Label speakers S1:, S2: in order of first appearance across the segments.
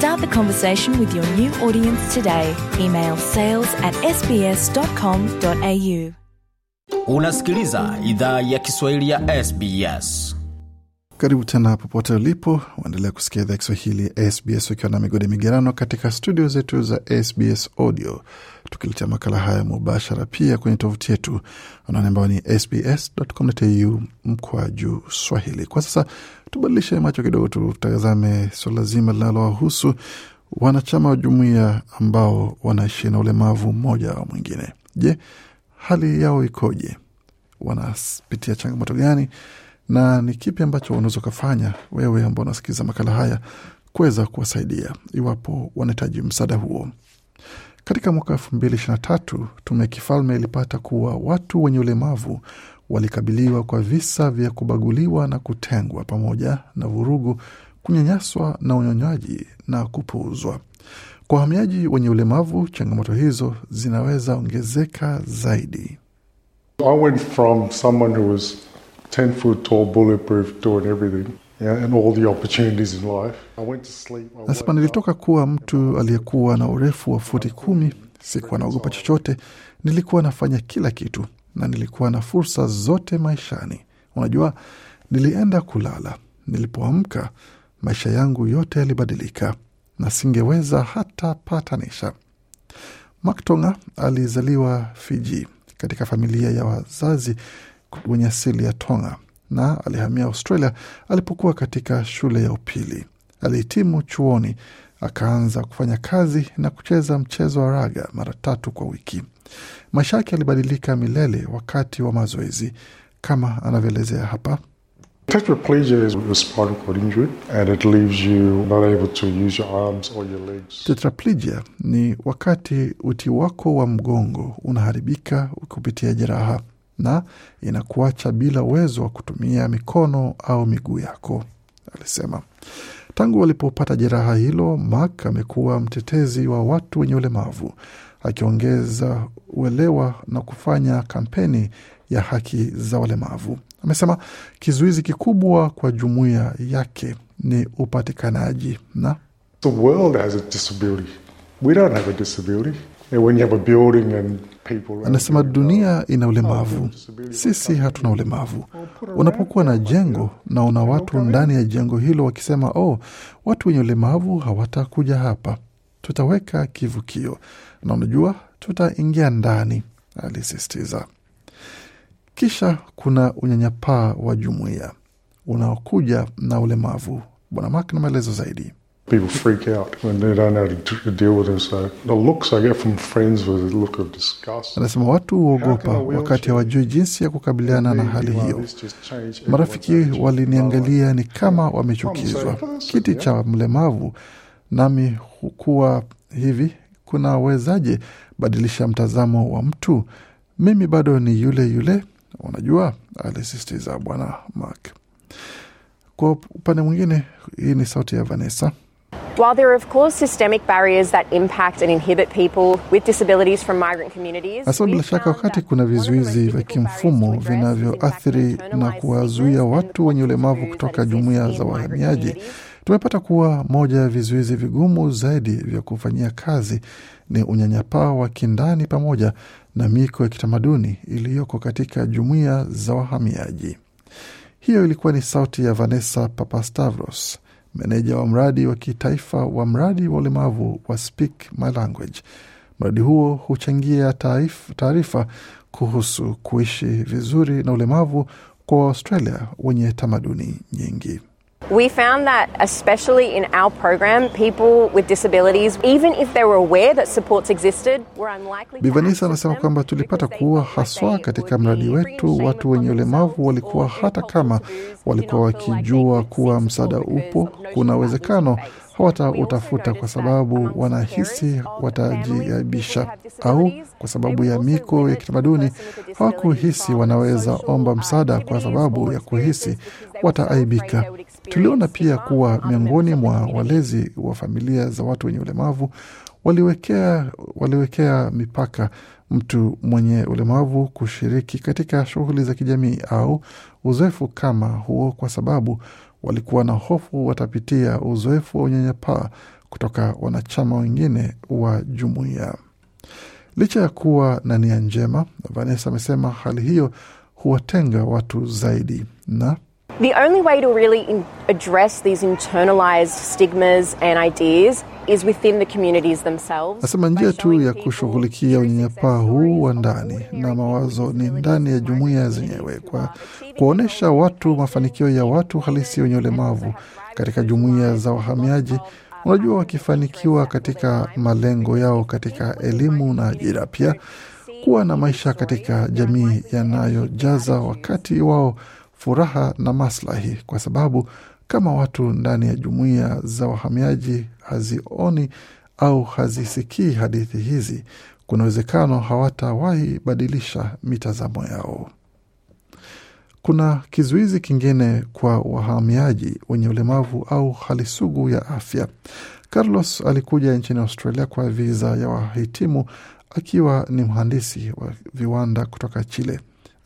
S1: Start the conversation with your new audience today. Email sales at sbs.com.au. Unasikiliza idhaa ya Kiswahili ya SBS. Karibu tena popote ulipo, waendelea kusikia idhaa Kiswahili ya SBS ukiwa na migodi migerano katika studio zetu za SBS Audio, tukiletea makala haya mubashara pia kwenye tovuti yetu anaone ambao ni sbs.com.au juu swahili. Kwa sasa tubadilishe macho kidogo, tutazame swala zima linalowahusu wanachama wa jumuiya ambao wanaishi na ulemavu mmoja au mwingine. Je, hali yao ikoje? Wanapitia changamoto gani? na ni kipi ambacho unaweza ukafanya wewe ambao unasikiliza makala haya kuweza kuwasaidia iwapo wanahitaji msaada huo. Katika mwaka elfu mbili ishirini na tatu tume ya kifalme ilipata kuwa watu wenye ulemavu walikabiliwa kwa visa vya kubaguliwa na kutengwa pamoja na vurugu, kunyanyaswa na unyonyaji na kupuuzwa. Kwa wahamiaji wenye ulemavu, changamoto hizo zinaweza ongezeka zaidi. I went from someone who was 10 foot tall, bulletproof door and everything. And all the opportunities in life. I went to sleep, nasema nilitoka kuwa mtu aliyekuwa na urefu wa futi kumi. Sikuwa naogopa chochote, nilikuwa nafanya kila kitu na nilikuwa na fursa zote maishani. Unajua, nilienda kulala, nilipoamka maisha yangu yote yalibadilika na singeweza hata patanisha. Maktonga alizaliwa Fiji katika familia ya wazazi wenye asili ya Tonga na alihamia Australia alipokuwa katika shule ya upili. Alihitimu chuoni, akaanza kufanya kazi na kucheza mchezo wa raga mara tatu kwa wiki. Maisha yake yalibadilika milele wakati wa mazoezi, kama anavyoelezea hapa. Tetraplegia ni wakati uti wako wa mgongo unaharibika kupitia jeraha na inakuacha bila uwezo wa kutumia mikono au miguu yako, alisema. Tangu walipopata jeraha hilo, Mark amekuwa mtetezi wa watu wenye ulemavu, akiongeza uelewa na kufanya kampeni ya haki za walemavu. Amesema kizuizi kikubwa kwa jumuiya yake ni upatikanaji na The world has a disability. We don't have a disability. Anasema dunia oh, ina ulemavu, sisi hatuna ulemavu. Unapokuwa na jengo na una watu ndani ya jengo hilo wakisema, oh, watu wenye ulemavu hawatakuja hapa, tutaweka kivukio na unajua, tutaingia ndani, alisisitiza. Kisha kuna unyanyapaa wa jumuiya unaokuja na ulemavu. Bwana Mak na maelezo zaidi people freak out when they don't know how to deal with them. So the looks I get from friends was a look of disgust. Anasema watu huogopa wakati hawajui jinsi ya kukabiliana na hali hiyo. Marafiki waliniangalia ni kama wamechukizwa. Kiti cha mlemavu nami hukuwa hivi, kunawezaje badilisha mtazamo wa mtu? Mimi bado ni yule yule, unajua, alisisitiza Bwana Mark. Kwa upande mwingine, hii ni sauti ya Vanessa While there are, of course, systemic barriers that impact and inhibit people with disabilities from migrant communities. Hasa bila shaka, wakati kuna vizuizi vya kimfumo vinavyoathiri na kuwazuia watu wenye ulemavu kutoka jumuiya za wahamiaji, tumepata kuwa moja ya vizuizi vigumu zaidi vya kufanyia kazi ni unyanyapaa wa kindani pamoja na miko ya kitamaduni iliyoko katika jumuiya za wahamiaji. Hiyo ilikuwa ni sauti ya Vanessa Papastavros meneja wa mradi wa kitaifa wa mradi wa ulemavu wa Speak My Language. Mradi huo huchangia taarifa kuhusu kuishi vizuri na ulemavu kwa waustralia wenye tamaduni nyingi. We found that, especially in our program, people with disabilities, even if they were aware that supports existed, were unlikely. Bivanisa anasema kwamba tulipata kuwa haswa katika mradi wetu, watu wenye ulemavu walikuwa, hata kama walikuwa wakijua kuwa msaada upo, kuna uwezekano hawatautafuta kwa sababu wanahisi watajiaibisha, au kwa sababu ya miko ya kitamaduni hawakuhisi wanaweza omba msaada, kwa sababu ya kuhisi wataaibika. Tuliona pia kuwa miongoni mwa walezi wa familia za watu wenye ulemavu waliwekea, waliwekea mipaka mtu mwenye ulemavu kushiriki katika shughuli za kijamii au uzoefu kama huo, kwa sababu walikuwa na hofu watapitia uzoefu wa unyanyapaa kutoka wanachama wengine wa jumuiya. Licha ya kuwa na nia njema, Vanessa amesema hali hiyo huwatenga watu zaidi na The only way to really in- address these internalized stigmas and ideas is within the communities themselves. Nasema njia tu ya kushughulikia unyanyapaa huu wa ndani na mawazo ni ndani ya jumuiya zenyewe, kwa kuonyesha watu mafanikio ya watu halisi wenye ulemavu katika jumuiya za wahamiaji. Unajua, wakifanikiwa katika malengo yao katika elimu na ajira, pia kuwa na maisha katika jamii yanayojaza wakati wao furaha na maslahi, kwa sababu kama watu ndani ya jumuiya za wahamiaji hazioni au hazisikii hadithi hizi, kuna uwezekano hawatawahi badilisha mitazamo yao. Kuna kizuizi kingine kwa wahamiaji wenye ulemavu au hali sugu ya afya. Carlos alikuja nchini Australia kwa viza ya wahitimu akiwa ni mhandisi wa viwanda kutoka Chile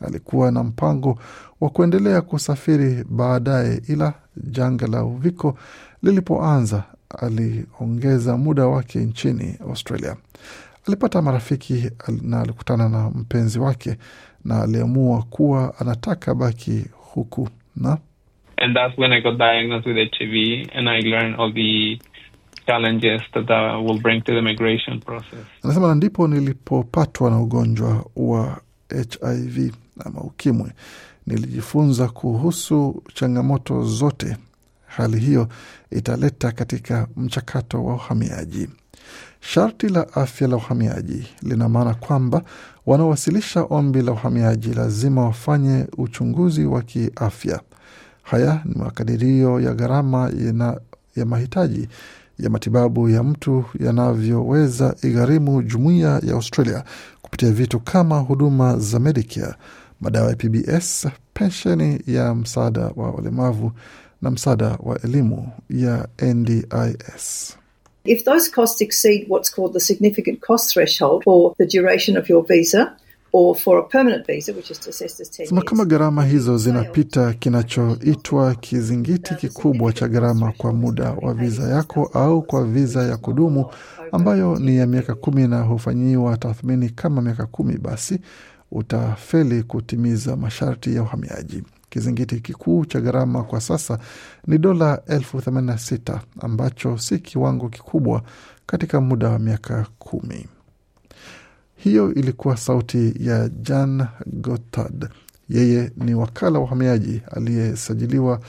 S1: alikuwa na mpango wa kuendelea kusafiri baadaye, ila janga la uviko lilipoanza aliongeza muda wake nchini Australia. Alipata marafiki na alikutana na mpenzi wake na aliamua kuwa anataka baki huku na Anasema, na ndipo nilipopatwa na ugonjwa wa HIV ama ukimwi, nilijifunza kuhusu changamoto zote hali hiyo italeta katika mchakato wa uhamiaji. Sharti la afya la uhamiaji lina maana kwamba wanaowasilisha ombi la uhamiaji lazima wafanye uchunguzi wa kiafya. Haya ni makadirio ya gharama ya mahitaji ya matibabu ya mtu yanavyoweza igharimu jumuiya ya Australia kupitia vitu kama huduma za Medicare, madawa ya PBS, pensheni ya msaada wa walemavu na msaada wa elimu ya NDIS. If those costs exceed what's called the significant cost threshold for the duration of your visa Sema kama gharama hizo zinapita kinachoitwa kizingiti kikubwa cha gharama kwa muda wa viza yako au kwa viza ya kudumu ambayo ni ya miaka kumi na hufanyiwa tathmini kama miaka kumi, basi utafeli kutimiza masharti ya uhamiaji. Kizingiti kikuu cha gharama kwa sasa ni dola elfu themanini na sita ambacho si kiwango kikubwa katika muda wa miaka kumi. Hiyo ilikuwa sauti ya Jan gotad Yeye ni wakala wa uhamiaji aliyesajiliwa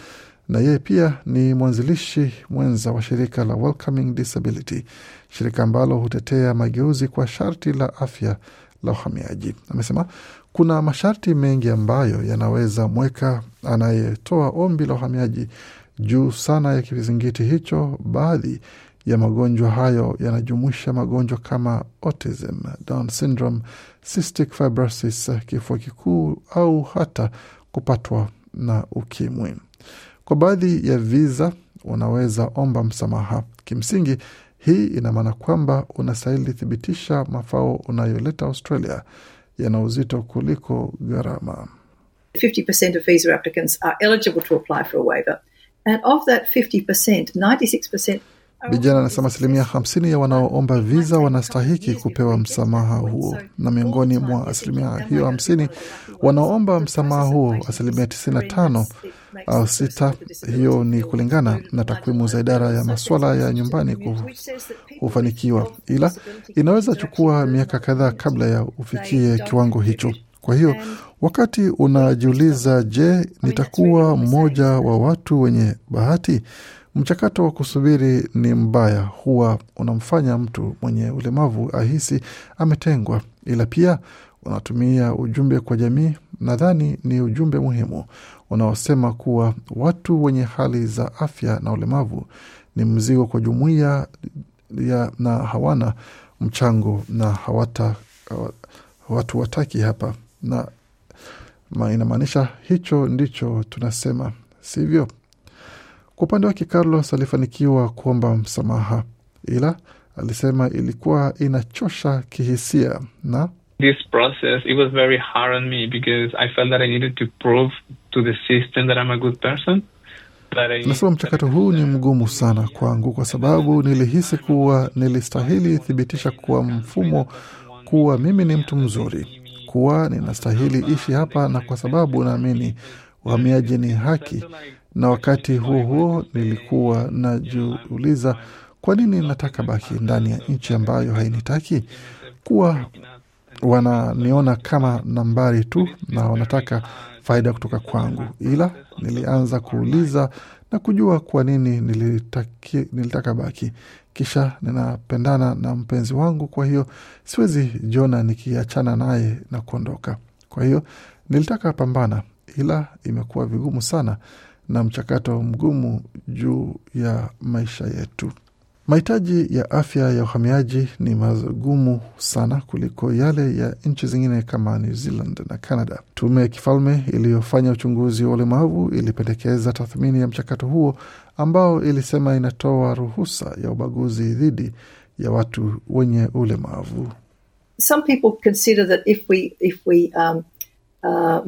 S1: na yeye pia ni mwanzilishi mwenza wa shirika la Welcoming Disability, shirika ambalo hutetea mageuzi kwa sharti la afya la uhamiaji. Amesema kuna masharti mengi ambayo yanaweza mweka anayetoa ombi la uhamiaji juu sana ya kizingiti hicho. Baadhi ya magonjwa hayo yanajumuisha magonjwa kama autism, Down syndrome, cystic fibrosis, kifua kikuu au hata kupatwa na ukimwi. Kwa baadhi ya viza unaweza omba msamaha. Kimsingi hii ina maana kwamba unastahili thibitisha mafao unayoleta Australia yana uzito kuliko gharama. 50% of visa applicants are eligible to apply for a waiver and of that 50%, 96% Bijana anasema asilimia hamsini ya wanaoomba viza wanastahiki kupewa msamaha huo, na miongoni mwa asilimia hiyo hamsini wanaoomba msamaha huo, asilimia tisini na tano au sita, hiyo ni kulingana na takwimu za idara ya maswala ya nyumbani kufanikiwa, ila inaweza chukua miaka kadhaa kabla ya ufikie kiwango hicho. Kwa hiyo wakati unajiuliza, je, nitakuwa mmoja wa watu wenye bahati? Mchakato wa kusubiri ni mbaya, huwa unamfanya mtu mwenye ulemavu ahisi ametengwa, ila pia unatumia ujumbe kwa jamii. Nadhani ni ujumbe muhimu unaosema kuwa watu wenye hali za afya na ulemavu ni mzigo kwa jumuiya ya, na hawana mchango na hawata, watu wataki hapa na inamaanisha hicho ndicho tunasema, sivyo? Kwa upande wake Carlos alifanikiwa kuomba msamaha, ila alisema ilikuwa inachosha kihisia na This process, it was very hard on me because I felt that I needed to prove to the system that I'm a good person. Nasema mchakato huu ni mgumu sana kwangu kwa sababu nilihisi kuwa nilistahili thibitisha kuwa mfumo kuwa mimi ni mtu mzuri, kuwa ninastahili ishi hapa, na kwa sababu naamini uhamiaji ni haki, na wakati huo huo nilikuwa najiuliza kwa nini nataka baki ndani ya nchi ambayo hainitaki kuwa wananiona kama nambari tu na wanataka faida kutoka kwangu, ila nilianza kuuliza na kujua kwa nini nilitaki, nilitaka baki. Kisha ninapendana na mpenzi wangu, kwa hiyo siwezi jiona nikiachana naye na kuondoka. Kwa hiyo nilitaka pambana, ila imekuwa vigumu sana na mchakato mgumu juu ya maisha yetu. Mahitaji ya afya ya uhamiaji ni magumu sana kuliko yale ya nchi zingine kama New Zealand na Canada. Tume ya kifalme iliyofanya uchunguzi wa ulemavu ilipendekeza tathmini ya mchakato huo ambao ilisema inatoa ruhusa ya ubaguzi dhidi ya watu wenye ulemavu. Some people consider that if we, if we, um, Uh,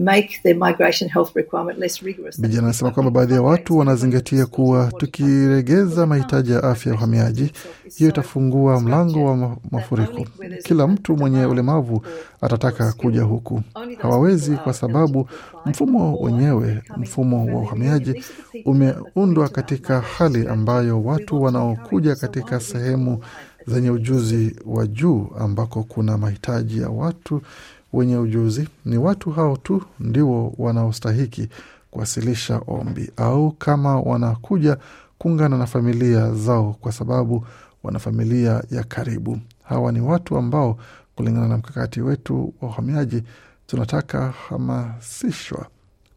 S1: Bijana anasema kwamba baadhi ya watu wanazingatia kuwa tukiregeza mahitaji ya afya ya uhamiaji, hiyo itafungua mlango wa mafuriko. Kila mtu mwenye ulemavu atataka kuja huku, hawawezi kwa sababu mfumo wenyewe, mfumo wa uhamiaji umeundwa katika hali ambayo watu wanaokuja katika sehemu zenye ujuzi wa juu ambako kuna mahitaji ya watu wenye ujuzi, ni watu hao tu ndio wanaostahiki kuwasilisha ombi, au kama wanakuja kuungana na familia zao kwa sababu wana familia ya karibu. Hawa ni watu ambao kulingana na mkakati wetu wa uhamiaji tunataka hamasishwa.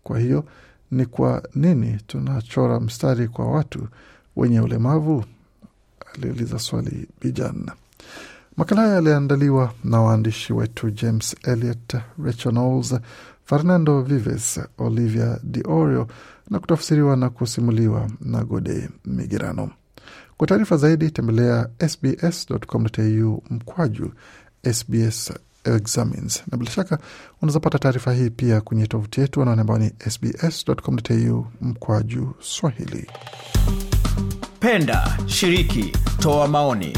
S1: Kwa hiyo ni kwa nini tunachora mstari kwa watu wenye ulemavu? Aliuliza swali Bijana. Makala haya yaliandaliwa na waandishi wetu James Elliot, Rachel Knowles, Fernando Vives, Olivia Diorio na kutafsiriwa na kusimuliwa na Gode Migirano. Kwa taarifa zaidi tembelea sbs.com.au mkwaju SBS examines, na bila shaka unaweza pata taarifa hii pia kwenye tovuti yetu anaone ambao ni sbs.com.au mkwaju Swahili. Penda, shiriki, toa maoni